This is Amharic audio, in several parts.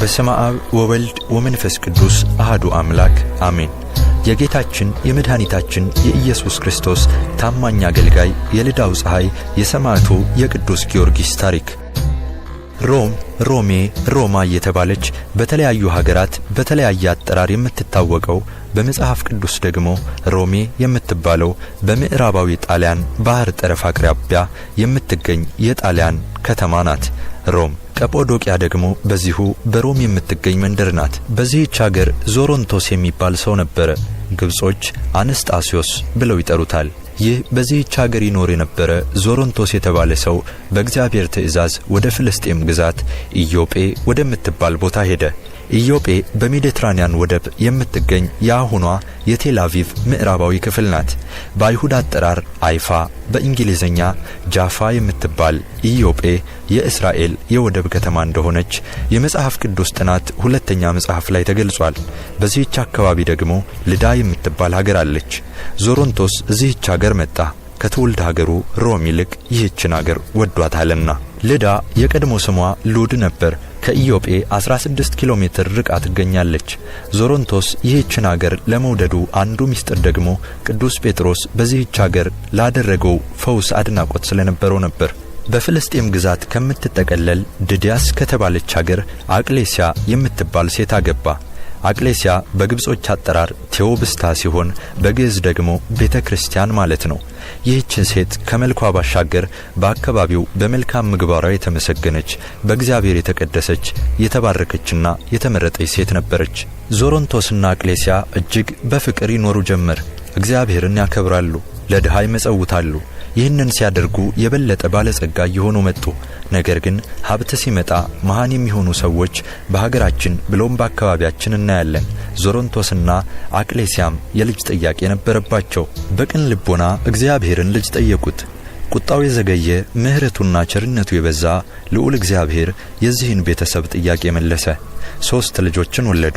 በስመ አብ ወወልድ ወመንፈስ ቅዱስ አህዱ አምላክ አሜን። የጌታችን የመድኃኒታችን የኢየሱስ ክርስቶስ ታማኝ አገልጋይ የልዳው ፀሐይ የሰማዕቱ የቅዱስ ጊዮርጊስ ታሪክ ሮም ሮሜ ሮማ እየተባለች በተለያዩ ሀገራት በተለያየ አጠራር የምትታወቀው በመጽሐፍ ቅዱስ ደግሞ ሮሜ የምትባለው በምዕራባዊ ጣሊያን ባህር ጠረፍ አቅራቢያ የምትገኝ የጣሊያን ከተማ ናት ሮም ቀጶዶቅያ ደግሞ በዚሁ በሮም የምትገኝ መንደር ናት። በዚህች አገር ዞሮንቶስ የሚባል ሰው ነበረ። ግብጾች አነስጣሲዮስ ብለው ይጠሩታል። ይህ በዚህች አገር ይኖር የነበረ ዞሮንቶስ የተባለ ሰው በእግዚአብሔር ትእዛዝ ወደ ፍልስጤም ግዛት ኢዮጴ ወደምትባል ቦታ ሄደ። ኢዮጴ በሜዲትራንያን ወደብ የምትገኝ የአሁኗ የቴላቪቭ ምዕራባዊ ክፍል ናት። በአይሁድ አጠራር አይፋ፣ በእንግሊዝኛ ጃፋ የምትባል ኢዮጴ የእስራኤል የወደብ ከተማ እንደሆነች የመጽሐፍ ቅዱስ ጥናት ሁለተኛ መጽሐፍ ላይ ተገልጿል። በዚህች አካባቢ ደግሞ ልዳ የምትባል ሀገር አለች። ዞሮንቶስ እዚህች ሀገር መጣ። ከትውልድ ሀገሩ ሮም ይልቅ ይህችን አገር ወዷታልና። ልዳ የቀድሞ ስሟ ሉድ ነበር። ከኢዮጴ 16 ኪሎ ሜትር ርቃ ትገኛለች። ዞሮንቶስ ይህችን አገር ለመውደዱ አንዱ ምስጢር ደግሞ ቅዱስ ጴጥሮስ በዚህች አገር ላደረገው ፈውስ አድናቆት ስለነበረው ነበር። በፍልስጤም ግዛት ከምትጠቀለል ድዲያስ ከተባለች አገር አቅሌሲያ የምትባል ሴት አገባ። አቅሌሲያ በግብጾች አጠራር ቴዎብስታ ሲሆን በግዕዝ ደግሞ ቤተ ክርስቲያን ማለት ነው። ይህች ሴት ከመልኳ ባሻገር በአካባቢው በመልካም ምግባሯ የተመሰገነች በእግዚአብሔር የተቀደሰች የተባረከችና የተመረጠች ሴት ነበረች። ዞሮንቶስና አቅሌሲያ እጅግ በፍቅር ይኖሩ ጀመር። እግዚአብሔርን ያከብራሉ፣ ለድሃ ይመጸውታሉ። ይህንን ሲያደርጉ የበለጠ ባለጸጋ እየሆኑ መጡ። ነገር ግን ሀብት ሲመጣ መሃን የሚሆኑ ሰዎች በሀገራችን ብሎም በአካባቢያችን እናያለን። ዞሮንቶስና አቅሌሲያም የልጅ ጥያቄ ነበረባቸው። በቅን ልቦና እግዚአብሔርን ልጅ ጠየቁት። ቁጣው የዘገየ ምሕረቱና ቸርነቱ የበዛ ልዑል እግዚአብሔር የዚህን ቤተሰብ ጥያቄ መለሰ። ሦስት ልጆችን ወለዱ።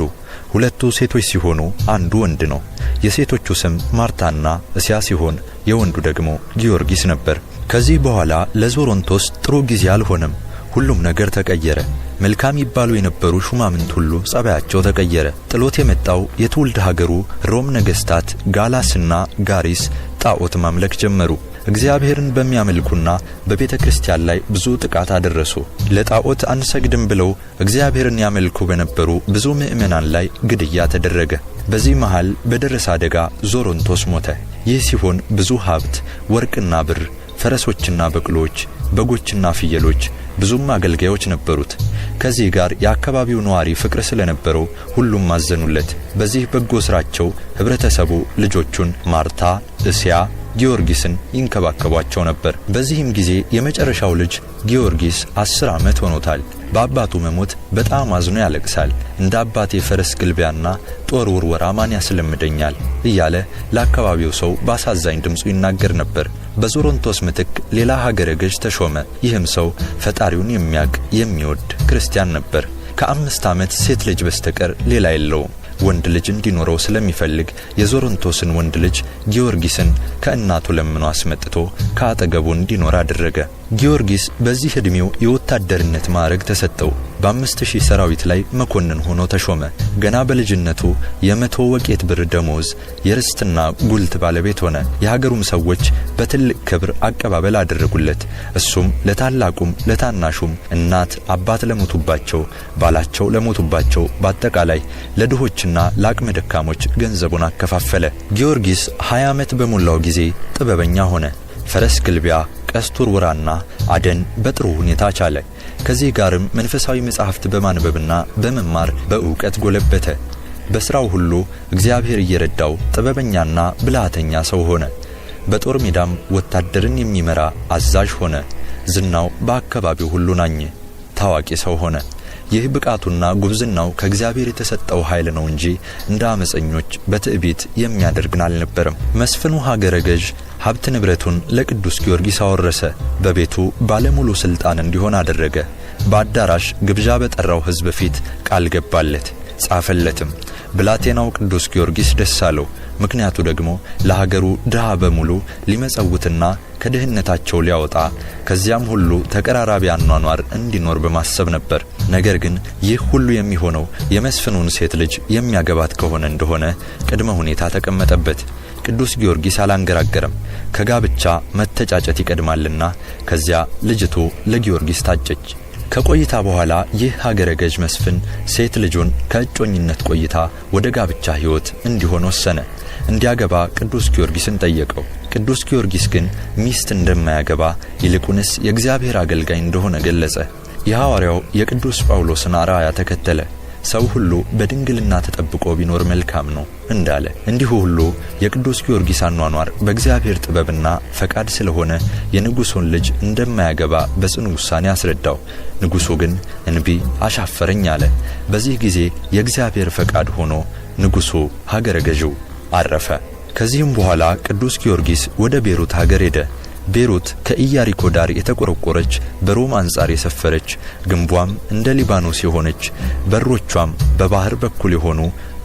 ሁለቱ ሴቶች ሲሆኑ አንዱ ወንድ ነው። የሴቶቹ ስም ማርታና እስያ ሲሆን የወንዱ ደግሞ ጊዮርጊስ ነበር። ከዚህ በኋላ ለዞሮንቶስ ጥሩ ጊዜ አልሆነም። ሁሉም ነገር ተቀየረ። መልካም ይባሉ የነበሩ ሹማምንት ሁሉ ጸባያቸው ተቀየረ። ጥሎት የመጣው የትውልድ ሀገሩ ሮም ነገሥታት ጋላስና ጋሪስ ጣዖት ማምለክ ጀመሩ። እግዚአብሔርን በሚያመልኩና በቤተ ክርስቲያን ላይ ብዙ ጥቃት አደረሱ። ለጣዖት አንሰግድም ብለው እግዚአብሔርን ያመልኩ በነበሩ ብዙ ምእመናን ላይ ግድያ ተደረገ። በዚህ መሃል በደረሰ አደጋ ዞሮንቶስ ሞተ። ይህ ሲሆን ብዙ ሀብት፣ ወርቅና ብር፣ ፈረሶችና በቅሎች፣ በጎችና ፍየሎች ብዙም አገልጋዮች ነበሩት። ከዚህ ጋር የአካባቢው ነዋሪ ፍቅር ስለነበረው ሁሉም ማዘኑለት። በዚህ በጎ ስራቸው ህብረተሰቡ ልጆቹን ማርታ፣ እስያ፣ ጊዮርጊስን ይንከባከቧቸው ነበር። በዚህም ጊዜ የመጨረሻው ልጅ ጊዮርጊስ አስር ዓመት ሆኖታል። በአባቱ መሞት በጣም አዝኖ ያለቅሳል። እንደ አባቴ ፈረስ ግልቢያና ጦር ውርወራ ማን ያስለምደኛል እያለ ለአካባቢው ሰው በአሳዛኝ ድምፁ ይናገር ነበር። በዞሮንቶስ ምትክ ሌላ ሀገረ ገዥ ተሾመ። ይህም ሰው ፈጣሪውን የሚያውቅ የሚወድ ክርስቲያን ነበር። ከአምስት ዓመት ሴት ልጅ በስተቀር ሌላ የለውም። ወንድ ልጅ እንዲኖረው ስለሚፈልግ የዞሮንቶስን ወንድ ልጅ ጊዮርጊስን ከእናቱ ለምኖ አስመጥቶ ከአጠገቡ እንዲኖር አደረገ። ጊዮርጊስ በዚህ ዕድሜው የወታደርነት ማዕረግ ተሰጠው። በአምስት ሺህ ሰራዊት ላይ መኮንን ሆኖ ተሾመ። ገና በልጅነቱ የመቶ ወቄት ብር ደሞዝ የርስትና ጉልት ባለቤት ሆነ። የሀገሩም ሰዎች በትልቅ ክብር አቀባበል አደረጉለት። እሱም ለታላቁም ለታናሹም፣ እናት አባት ለሞቱባቸው፣ ባላቸው ለሞቱባቸው፣ በአጠቃላይ ለድሆችና ለአቅመ ደካሞች ገንዘቡን አከፋፈለ። ጊዮርጊስ 20 ዓመት በሞላው ጊዜ ጥበበኛ ሆነ። ፈረስ ግልቢያ፣ ቀስቱር ውራና አደን በጥሩ ሁኔታ ቻለ። ከዚህ ጋርም መንፈሳዊ መጻሕፍት በማንበብና በመማር በእውቀት ጎለበተ። በሥራው ሁሉ እግዚአብሔር እየረዳው ጥበበኛና ብልሃተኛ ሰው ሆነ። በጦር ሜዳም ወታደርን የሚመራ አዛዥ ሆነ። ዝናው በአካባቢው ሁሉ ናኘ። ታዋቂ ሰው ሆነ። ይህ ብቃቱና ጉብዝናው ከእግዚአብሔር የተሰጠው ኃይል ነው እንጂ እንደ አመፀኞች በትዕቢት የሚያደርግን አልነበረም። መስፍኑ ሀገረ ገዥ ሀብት ንብረቱን ለቅዱስ ጊዮርጊስ አወረሰ። በቤቱ ባለሙሉ ሥልጣን እንዲሆን አደረገ። በአዳራሽ ግብዣ በጠራው ሕዝብ ፊት ቃል ገባለት፣ ጻፈለትም። ብላቴናው ቅዱስ ጊዮርጊስ ደስ አለው። ምክንያቱ ደግሞ ለሀገሩ ድሃ በሙሉ ሊመጸውትና ከድህነታቸው ሊያወጣ ከዚያም ሁሉ ተቀራራቢ አኗኗር እንዲኖር በማሰብ ነበር። ነገር ግን ይህ ሁሉ የሚሆነው የመስፍኑን ሴት ልጅ የሚያገባት ከሆነ እንደሆነ ቅድመ ሁኔታ ተቀመጠበት። ቅዱስ ጊዮርጊስ አላንገራገረም። ከጋብቻ መተጫጨት ይቀድማልና ከዚያ ልጅቱ ለጊዮርጊስ ታጨች። ከቆይታ በኋላ ይህ ሀገረ ገዥ መስፍን ሴት ልጁን ከእጮኝነት ቆይታ ወደ ጋብቻ ሕይወት እንዲሆን ወሰነ። እንዲያገባ ቅዱስ ጊዮርጊስን ጠየቀው። ቅዱስ ጊዮርጊስ ግን ሚስት እንደማያገባ ይልቁንስ የእግዚአብሔር አገልጋይ እንደሆነ ገለጸ። የሐዋርያው የቅዱስ ጳውሎስን አርአያ ተከተለ። ሰው ሁሉ በድንግልና ተጠብቆ ቢኖር መልካም ነው እንዳለ እንዲሁ ሁሉ የቅዱስ ጊዮርጊስ አኗኗር በእግዚአብሔር ጥበብና ፈቃድ ስለሆነ የንጉሡን ልጅ እንደማያገባ በጽኑ ውሳኔ አስረዳው። ንጉሡ ግን እንቢ አሻፈረኝ አለ። በዚህ ጊዜ የእግዚአብሔር ፈቃድ ሆኖ ንጉሡ ሀገረ ገዥው አረፈ። ከዚህም በኋላ ቅዱስ ጊዮርጊስ ወደ ቤሩት ሀገር ሄደ። ቤሩት ከኢያሪኮ ዳር የተቆረቆረች በሮም አንጻር የሰፈረች ግንቧም እንደ ሊባኖስ የሆነች በሮቿም በባህር በኩል የሆኑ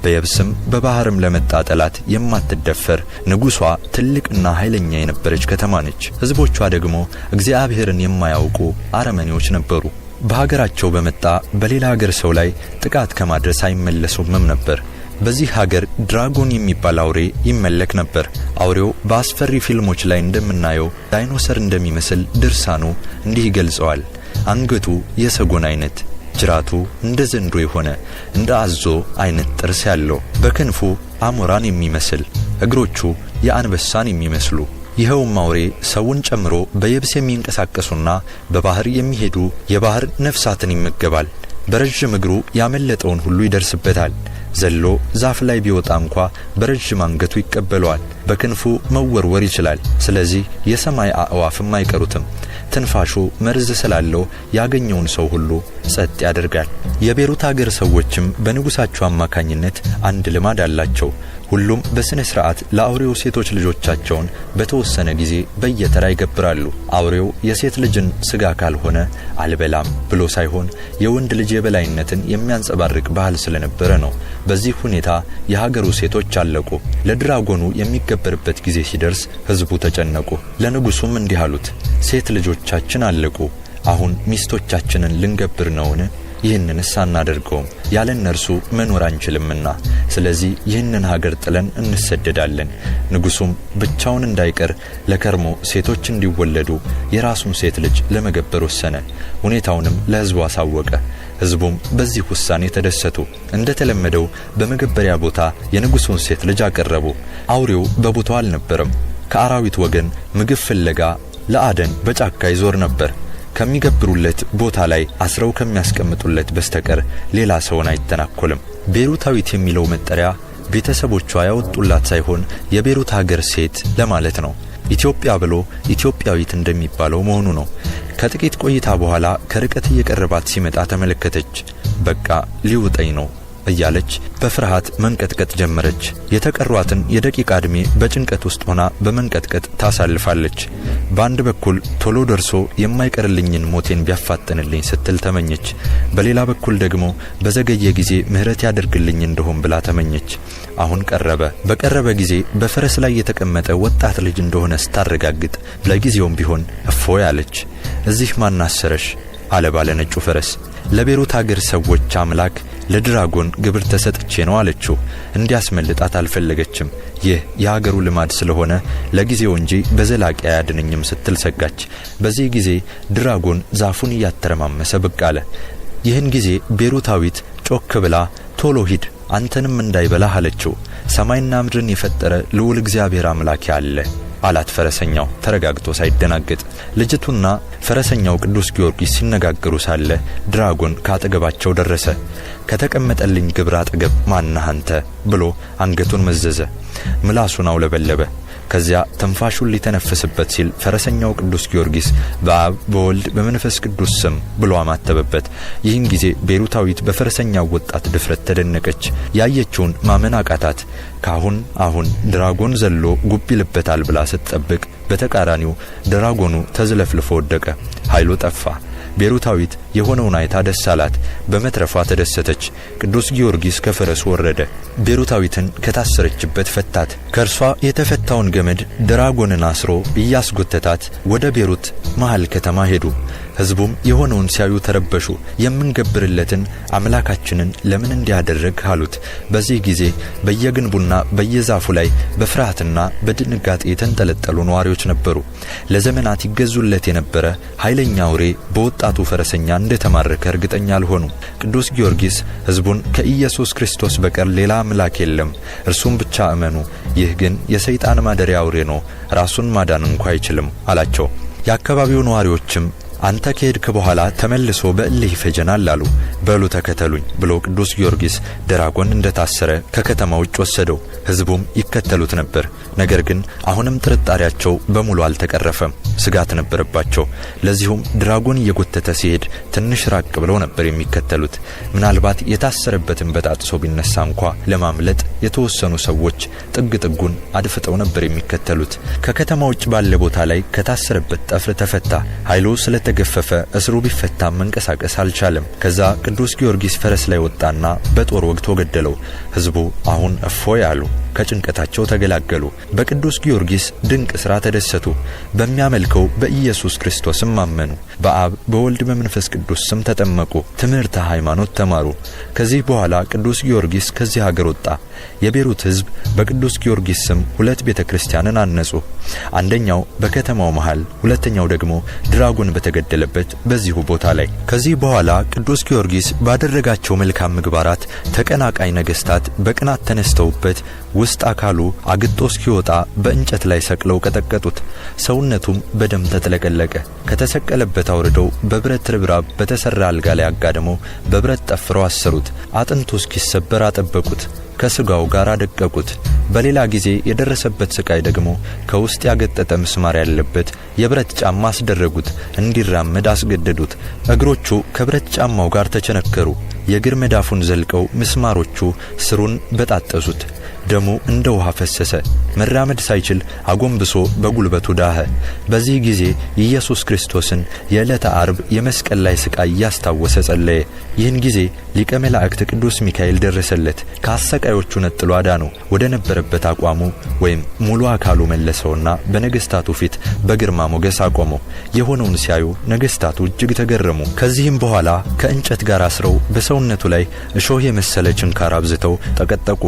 በየብስም በባህርም ለመጣ ጠላት የማትደፈር ንጉሷ ትልቅና ኃይለኛ የነበረች ከተማ ነች። ሕዝቦቿ ደግሞ እግዚአብሔርን የማያውቁ አረመኔዎች ነበሩ። በሀገራቸው በመጣ በሌላ ሀገር ሰው ላይ ጥቃት ከማድረስ አይመለሱምም ነበር። በዚህ ሀገር ድራጎን የሚባል አውሬ ይመለክ ነበር። አውሬው በአስፈሪ ፊልሞች ላይ እንደምናየው ዳይኖሰር እንደሚመስል ድርሳኑ እንዲህ ይገልጸዋል። አንገቱ የሰጎን አይነት፣ ጅራቱ እንደ ዘንዶ የሆነ እንደ አዞ አይነት ጥርስ ያለው፣ በክንፉ አሞራን የሚመስል፣ እግሮቹ የአንበሳን የሚመስሉ ይኸውም አውሬ ሰውን ጨምሮ በየብስ የሚንቀሳቀሱና በባህር የሚሄዱ የባህር ነፍሳትን ይመገባል። በረዥም እግሩ ያመለጠውን ሁሉ ይደርስበታል። ዘሎ ዛፍ ላይ ቢወጣ እንኳ በረዥም አንገቱ ይቀበለዋል፣ በክንፉ መወርወር ይችላል። ስለዚህ የሰማይ አእዋፍም አይቀሩትም። ትንፋሹ መርዝ ስላለው ያገኘውን ሰው ሁሉ ጸጥ ያደርጋል። የቤሩት አገር ሰዎችም በንጉሳቸው አማካኝነት አንድ ልማድ አላቸው። ሁሉም በሥነ ሥርዓት ለአውሬው ሴቶች ልጆቻቸውን በተወሰነ ጊዜ በየተራ ይገብራሉ። አውሬው የሴት ልጅን ሥጋ ካልሆነ አልበላም ብሎ ሳይሆን የወንድ ልጅ የበላይነትን የሚያንጸባርቅ ባህል ስለነበረ ነው። በዚህ ሁኔታ የሀገሩ ሴቶች አለቁ። ለድራጎኑ የሚገበርበት ጊዜ ሲደርስ ሕዝቡ ተጨነቁ። ለንጉሡም እንዲህ አሉት፣ ሴት ልጆች ልጆቻችን አለቁ፣ አሁን ሚስቶቻችንን ልንገብር ነውን? ይህንንስ አናደርገውም፣ ያለ እነርሱ መኖር አንችልምና፣ ስለዚህ ይህንን ሀገር ጥለን እንሰደዳለን። ንጉሡም ብቻውን እንዳይቀር ለከርሞ ሴቶች እንዲወለዱ የራሱን ሴት ልጅ ለመገበር ወሰነ። ሁኔታውንም ለሕዝቡ አሳወቀ። ሕዝቡም በዚህ ውሳኔ ተደሰቱ። እንደ ተለመደው በመገበሪያ ቦታ የንጉሡን ሴት ልጅ አቀረቡ። አውሬው በቦታው አልነበረም። ከአራዊት ወገን ምግብ ፍለጋ ለአደን በጫካ ይዞር ነበር። ከሚገብሩለት ቦታ ላይ አስረው ከሚያስቀምጡለት በስተቀር ሌላ ሰውን አይተናኮልም። ቤሩታዊት የሚለው መጠሪያ ቤተሰቦቿ ያወጡላት ሳይሆን የቤሩት ሀገር ሴት ለማለት ነው። ኢትዮጵያ ብሎ ኢትዮጵያዊት እንደሚባለው መሆኑ ነው። ከጥቂት ቆይታ በኋላ ከርቀት እየቀረባት ሲመጣ ተመለከተች። በቃ ሊውጠኝ ነው እያለች በፍርሃት መንቀጥቀጥ ጀመረች። የተቀሯትን የደቂቃ ዕድሜ በጭንቀት ውስጥ ሆና በመንቀጥቀጥ ታሳልፋለች። በአንድ በኩል ቶሎ ደርሶ የማይቀርልኝን ሞቴን ቢያፋጥንልኝ ስትል ተመኘች። በሌላ በኩል ደግሞ በዘገየ ጊዜ ምሕረት ያደርግልኝ እንደሆን ብላ ተመኘች። አሁን ቀረበ። በቀረበ ጊዜ በፈረስ ላይ የተቀመጠ ወጣት ልጅ እንደሆነ ስታረጋግጥ ለጊዜውም ቢሆን እፎይ አለች። እዚህ ማናሰረሽ አለ ባለነጩ ፈረስ። ለቤሩት አገር ሰዎች አምላክ ለድራጎን ግብር ተሰጥቼ ነው አለችው። እንዲያስመልጣት አልፈለገችም። ይህ የሀገሩ ልማድ ስለሆነ ለጊዜው እንጂ በዘላቂ አያድንኝም ስትል ሰጋች። በዚህ ጊዜ ድራጎን ዛፉን እያተረማመሰ ብቅ አለ። ይህን ጊዜ ቤሩታዊት ጮክ ብላ ቶሎ ሂድ አንተንም እንዳይበላህ አለችው። ሰማይና ምድርን የፈጠረ ልዑል እግዚአብሔር አምላክ አለ አላት ፈረሰኛው ተረጋግቶ ሳይደናገጥ። ልጅቱና ፈረሰኛው ቅዱስ ጊዮርጊስ ሲነጋገሩ ሳለ ድራጎን ካጠገባቸው ደረሰ። ከተቀመጠልኝ ግብር አጠገብ ማናህ አንተ ብሎ አንገቱን መዘዘ። ምላሱን አውለበለበ። ከዚያ ትንፋሹን ሊተነፍስበት ሲል ፈረሰኛው ቅዱስ ጊዮርጊስ በአብ በወልድ በመንፈስ ቅዱስ ስም ብሎ አማተበበት። ይህን ጊዜ ቤሩታዊት በፈረሰኛው ወጣት ድፍረት ተደነቀች። ያየችውን ማመን አቃታት። ካሁን አሁን ድራጎን ዘሎ ጉብ ይልበታል ብላ ስትጠብቅ፣ በተቃራኒው ድራጎኑ ተዝለፍልፎ ወደቀ። ኃይሉ ጠፋ። ቤሩታዊት የሆነውን አይታ ደስ አላት፣ በመትረፏ ተደሰተች። ቅዱስ ጊዮርጊስ ከፈረሱ ወረደ፣ ቤሩታዊትን ከታሰረችበት ፈታት። ከእርሷ የተፈታውን ገመድ ድራጎንን አስሮ እያስጎተታት ወደ ቤሩት መሃል ከተማ ሄዱ። ሕዝቡም የሆነውን ሲያዩ ተረበሹ። የምንገብርለትን አምላካችንን ለምን እንዲያደረግ አሉት። በዚህ ጊዜ በየግንቡና በየዛፉ ላይ በፍርሃትና በድንጋጤ የተንጠለጠሉ ነዋሪዎች ነበሩ። ለዘመናት ይገዙለት የነበረ ኃይለኛ አውሬ በወጣቱ ፈረሰኛ እንደተማረከ እርግጠኛ አልሆኑም። ቅዱስ ጊዮርጊስ ሕዝቡን ከኢየሱስ ክርስቶስ በቀር ሌላ አምላክ የለም፣ እርሱም ብቻ እመኑ፣ ይህ ግን የሰይጣን ማደሪያ አውሬ ነው፣ ራሱን ማዳን እንኳ አይችልም አላቸው። የአካባቢው ነዋሪዎችም አንተ ከሄድክ በኋላ ተመልሶ በእልህ ይፈጀናል አሉ። በሉ ተከተሉኝ ብሎ ቅዱስ ጊዮርጊስ ድራጎን እንደታሰረ ከከተማ ውጭ ወሰደው። ህዝቡም ይከተሉት ነበር። ነገር ግን አሁንም ጥርጣሪያቸው በሙሉ አልተቀረፈም። ስጋት ነበረባቸው። ለዚሁም ድራጎን እየጎተተ ሲሄድ ትንሽ ራቅ ብለው ነበር የሚከተሉት። ምናልባት የታሰረበትን በጣጥሶ ቢነሳ እንኳ ለማምለጥ የተወሰኑ ሰዎች ጥግ ጥጉን አድፍጠው ነበር የሚከተሉት። ከከተማ ውጭ ባለ ቦታ ላይ ከታሰረበት ጠፍር ተፈታ። ኃይሉ ስለተ ተገፈፈ። እስሩ ቢፈታም መንቀሳቀስ አልቻለም። ከዛ ቅዱስ ጊዮርጊስ ፈረስ ላይ ወጣና በጦር ወግቶ ገደለው። ህዝቡ አሁን እፎይ አሉ። ከጭንቀታቸው ተገላገሉ። በቅዱስ ጊዮርጊስ ድንቅ ሥራ ተደሰቱ። በሚያመልከው በኢየሱስ ክርስቶስም አመኑ። በአብ በወልድ በመንፈስ ቅዱስ ስም ተጠመቁ። ትምህርተ ሃይማኖት ተማሩ። ከዚህ በኋላ ቅዱስ ጊዮርጊስ ከዚህ ሀገር ወጣ። የቤሩት ሕዝብ በቅዱስ ጊዮርጊስ ስም ሁለት ቤተ ክርስቲያንን አነጹ። አንደኛው በከተማው መሃል፣ ሁለተኛው ደግሞ ድራጎን በተገደለበት በዚሁ ቦታ ላይ። ከዚህ በኋላ ቅዱስ ጊዮርጊስ ባደረጋቸው መልካም ምግባራት ተቀናቃይ ነገሥታት በቅናት ተነስተውበት ውስጥ አካሉ አግጦ እስኪወጣ በእንጨት ላይ ሰቅለው ቀጠቀጡት። ሰውነቱም በደም ተጥለቀለቀ። ከተሰቀለበት አውርደው በብረት ርብራብ በተሠራ አልጋ ላይ አጋድመው በብረት ጠፍረው አሰሩት። አጥንቱ እስኪሰበር አጠበቁት። ከስጋው ጋር አደቀቁት። በሌላ ጊዜ የደረሰበት ስቃይ ደግሞ ከውስጥ ያገጠጠ ምስማር ያለበት የብረት ጫማ አስደረጉት፣ እንዲራመድ አስገደዱት። እግሮቹ ከብረት ጫማው ጋር ተቸነከሩ። የእግር መዳፉን ዘልቀው ምስማሮቹ ስሩን በጣጠሱት። ደሙ እንደ ውሃ ፈሰሰ። መራመድ ሳይችል አጎንብሶ በጉልበቱ ዳኸ። በዚህ ጊዜ ኢየሱስ ክርስቶስን የዕለተ አርብ የመስቀል ላይ ሥቃይ እያስታወሰ ጸለየ። ይህን ጊዜ ሊቀ መላእክት ቅዱስ ሚካኤል ደረሰለት፣ ከአሰቃዮቹ ነጥሎ አዳነው። ወደ ነበረበት አቋሙ ወይም ሙሉ አካሉ መለሰውና በነገሥታቱ ፊት በግርማ ሞገስ አቆመው። የሆነውን ሲያዩ ነገሥታቱ እጅግ ተገረሙ። ከዚህም በኋላ ከእንጨት ጋር አስረው በሰውነቱ ላይ እሾህ የመሰለ ችንካር አብዝተው ጠቀጠቁ።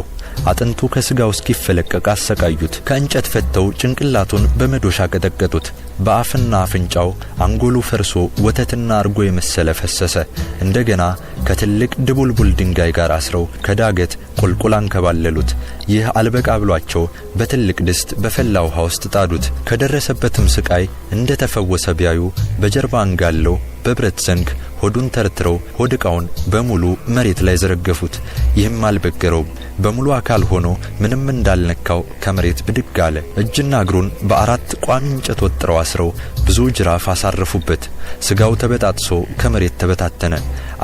አጥንቱ ከስጋው እስኪፈለቀቅ አሰቃዩት። ከእንጨት ፈተው ጭንቅላቱን በመዶሻ ቀጠቀጡት። በአፍና አፍንጫው አንጎሉ ፈርሶ ወተትና እርጎ የመሰለ ፈሰሰ። እንደገና ከትልቅ ድቡልቡል ድንጋይ ጋር አስረው ከዳገት ቁልቁል አንከባለሉት። ይህ አልበቃ ብሏቸው በትልቅ ድስት በፈላ ውሃ ውስጥ ጣዱት። ከደረሰበትም ስቃይ እንደ ተፈወሰ ቢያዩ በጀርባ አንጋለው በብረት ዘንግ ሆዱን ተርትረው ሆድ ዕቃውን በሙሉ መሬት ላይ ዘረገፉት። ይህም አልበገረውም። በሙሉ አካል ሆኖ ምንም እንዳልነካው ከመሬት ብድግ አለ። እጅና እግሩን በአራት ቋሚ እንጨት ወጥረው አስረው ብዙ ጅራፍ አሳረፉበት። ስጋው ተበጣጥሶ ከመሬት ተበታተነ።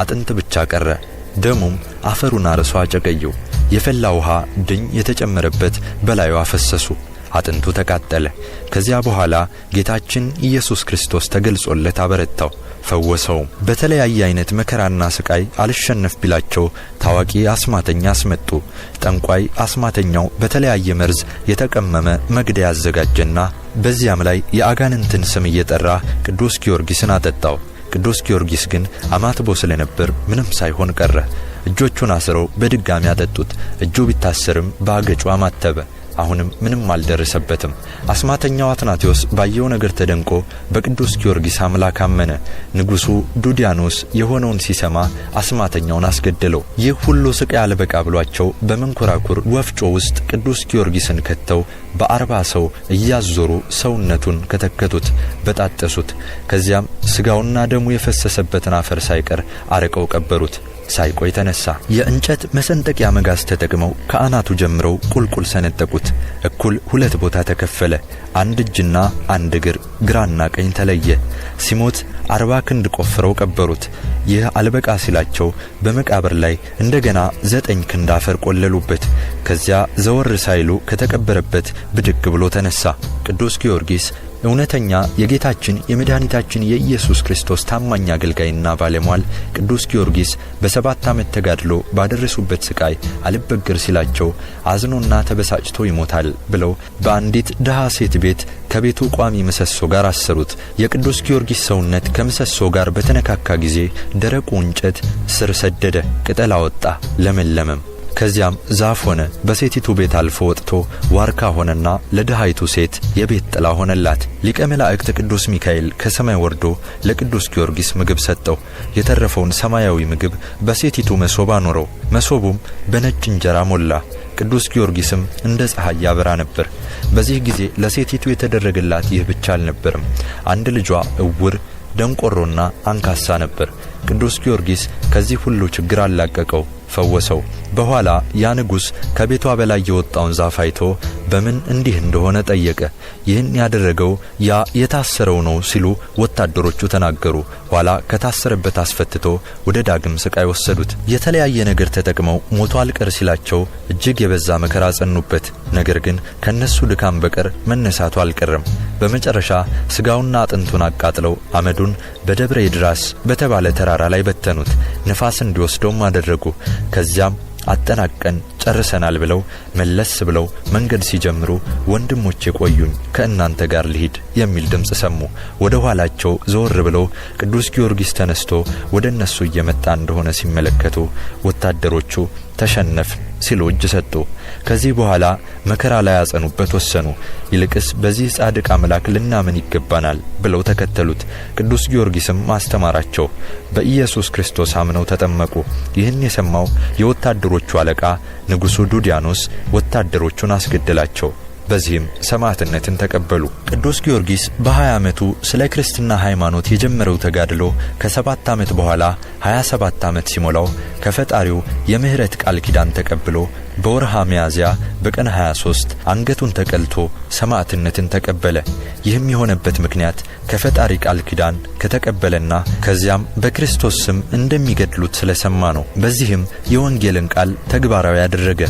አጥንት ብቻ ቀረ። ደሙም አፈሩን አርሶ አጨቀየው። የፈላ ውሃ ድኝ የተጨመረበት በላዩ አፈሰሱ። አጥንቱ ተቃጠለ። ከዚያ በኋላ ጌታችን ኢየሱስ ክርስቶስ ተገልጾለት አበረታው፣ ፈወሰውም። በተለያየ አይነት መከራና ስቃይ አልሸነፍ ቢላቸው ታዋቂ አስማተኛ አስመጡ። ጠንቋይ አስማተኛው በተለያየ መርዝ የተቀመመ መግደያ አዘጋጀና በዚያም ላይ የአጋንንትን ስም እየጠራ ቅዱስ ጊዮርጊስን አጠጣው። ቅዱስ ጊዮርጊስ ግን አማትቦ ስለነበር ምንም ሳይሆን ቀረ። እጆቹን አስረው በድጋሚ አጠጡት። እጁ ቢታሰርም በአገጩ አማተበ። አሁንም ምንም አልደረሰበትም። አስማተኛው አትናቴዎስ ባየው ነገር ተደንቆ በቅዱስ ጊዮርጊስ አምላክ አመነ። ንጉሡ ዱዲያኖስ የሆነውን ሲሰማ አስማተኛውን አስገደለው። ይህ ሁሉ ስቃይ አልበቃ ብሏቸው በመንኮራኩር ወፍጮ ውስጥ ቅዱስ ጊዮርጊስን ከተው በአርባ ሰው እያዞሩ ሰውነቱን ከተከቱት፣ በጣጠሱት። ከዚያም ስጋውና ደሙ የፈሰሰበትን አፈር ሳይቀር አርቀው ቀበሩት። ሳይቆይ ተነሳ። የእንጨት መሰንጠቂያ መጋዝ ተጠቅመው ከአናቱ ጀምረው ቁልቁል ሰነጠቁት። እኩል ሁለት ቦታ ተከፈለ። አንድ እጅና አንድ እግር ግራና ቀኝ ተለየ። ሲሞት አርባ ክንድ ቆፍረው ቀበሩት። ይህ አልበቃ ሲላቸው በመቃብር ላይ እንደገና ዘጠኝ ክንድ አፈር ቆለሉበት። ከዚያ ዘወር ሳይሉ ከተቀበረበት ብድግ ብሎ ተነሳ። ቅዱስ ጊዮርጊስ እውነተኛ የጌታችን የመድኃኒታችን የኢየሱስ ክርስቶስ ታማኝ አገልጋይና ባለሟል ቅዱስ ጊዮርጊስ በሰባት ዓመት ተጋድሎ ባደረሱበት ሥቃይ አልበገር ሲላቸው አዝኖና ተበሳጭቶ ይሞታል ብለው በአንዲት ድሃ ሴት ቤት ከቤቱ ቋሚ ምሰሶ ጋር አሰሩት። የቅዱስ ጊዮርጊስ ሰውነት ከምሰሶ ጋር በተነካካ ጊዜ ደረቁ እንጨት ስር ሰደደ፣ ቅጠል አወጣ፣ ለመለመም። ከዚያም ዛፍ ሆነ፣ በሴቲቱ ቤት አልፎ ወጥቶ ዋርካ ሆነና ለድሃይቱ ሴት የቤት ጥላ ሆነላት። ሊቀ መላእክት ቅዱስ ሚካኤል ከሰማይ ወርዶ ለቅዱስ ጊዮርጊስ ምግብ ሰጠው። የተረፈውን ሰማያዊ ምግብ በሴቲቱ መሶብ አኖረው። መሶቡም በነጭ እንጀራ ሞላ። ቅዱስ ጊዮርጊስም እንደ ፀሐይ ያበራ ነበር። በዚህ ጊዜ ለሴቲቱ የተደረገላት ይህ ብቻ አልነበርም። አንድ ልጇ እውር ደንቆሮና አንካሳ ነበር። ቅዱስ ጊዮርጊስ ከዚህ ሁሉ ችግር አላቀቀው። ፈወሰው። በኋላ ያ ንጉሥ ከቤቷ በላይ የወጣውን ዛፍ አይቶ በምን እንዲህ እንደሆነ ጠየቀ። ይህን ያደረገው ያ የታሰረው ነው ሲሉ ወታደሮቹ ተናገሩ። ኋላ ከታሰረበት አስፈትቶ ወደ ዳግም ስቃይ ወሰዱት። የተለያየ ነገር ተጠቅመው ሞቶ አልቀር ሲላቸው እጅግ የበዛ መከራ አጸኑበት። ነገር ግን ከነሱ ድካም በቀር መነሳቱ አልቀረም። በመጨረሻ ስጋውና አጥንቱን አቃጥለው አመዱን በደብረ ይድራስ በተባለ ተራራ ላይ በተኑት፣ ንፋስ እንዲወስደውም አደረጉ። ከዚያም አጠናቀን ጨርሰናል ብለው መለስ ብለው መንገድ ሲጀምሩ ወንድሞች የቆዩኝ ከእናንተ ጋር ልሂድ የሚል ድምፅ ሰሙ። ወደ ኋላቸው ዘወር ብለው ቅዱስ ጊዮርጊስ ተነስቶ ወደ እነሱ እየመጣ እንደሆነ ሲመለከቱ ወታደሮቹ ተሸነፍ ሲሉ እጅ ሰጡ። ከዚህ በኋላ መከራ ላይ ያጸኑበት ወሰኑ። ይልቅስ በዚህ ጻድቅ አምላክ ልናምን ይገባናል ብለው ተከተሉት። ቅዱስ ጊዮርጊስም አስተማራቸው። በኢየሱስ ክርስቶስ አምነው ተጠመቁ። ይህን የሰማው የወታደሮቹ አለቃ ንጉሡ ዱዲያኖስ ወታደሮቹን አስገደላቸው። በዚህም ሰማዕትነትን ተቀበሉ። ቅዱስ ጊዮርጊስ በ20 ዓመቱ ስለ ክርስትና ሃይማኖት የጀመረው ተጋድሎ ከሰባት ዓመት በኋላ 27 ዓመት ሲሞላው ከፈጣሪው የምሕረት ቃል ኪዳን ተቀብሎ በወርሃ ሚያዝያ በቀን 23 አንገቱን ተቀልቶ ሰማዕትነትን ተቀበለ። ይህም የሆነበት ምክንያት ከፈጣሪ ቃል ኪዳን ከተቀበለና ከዚያም በክርስቶስ ስም እንደሚገድሉት ስለሰማ ነው። በዚህም የወንጌልን ቃል ተግባራዊ ያደረገ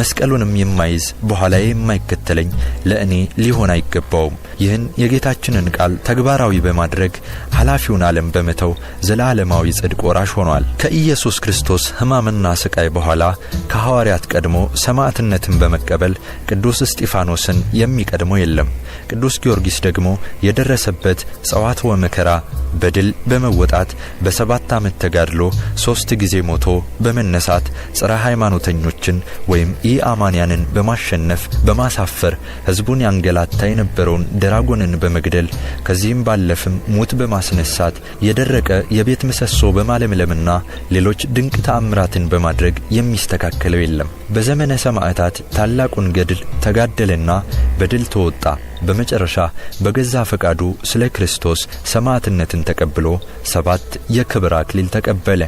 መስቀሉንም የማይዝ በኋላ የማይከተለኝ ለእኔ ሊሆን አይገባውም። ይህን የጌታችንን ቃል ተግባራዊ በማድረግ ኃላፊውን ዓለም በመተው ዘላለማዊ ጽድቅ ወራሽ ሆኗል። ከኢየሱስ ክርስቶስ ሕማምና ስቃይ በኋላ ከሐዋርያት ቀድሞ ቀድሞ ሰማዕትነትን በመቀበል ቅዱስ እስጢፋኖስን የሚቀድሞ የለም። ቅዱስ ጊዮርጊስ ደግሞ የደረሰበት ጸዋትወ መከራ በድል በመወጣት በሰባት ዓመት ተጋድሎ ሦስት ጊዜ ሞቶ በመነሳት ጸረ ሃይማኖተኞችን ወይም ኢአማንያንን በማሸነፍ በማሳፈር ሕዝቡን ያንገላታ የነበረውን ደራጎንን በመግደል ከዚህም ባለፍም ሙት በማስነሳት የደረቀ የቤት ምሰሶ በማለምለምና ሌሎች ድንቅ ተአምራትን በማድረግ የሚስተካከለው የለም። በዘመነ ሰማዕታት ታላቁን ገድል ተጋደለና በድል ተወጣ። በመጨረሻ በገዛ ፈቃዱ ስለ ክርስቶስ ሰማዕትነትን ተቀብሎ ሰባት የክብር አክሊል ተቀበለ።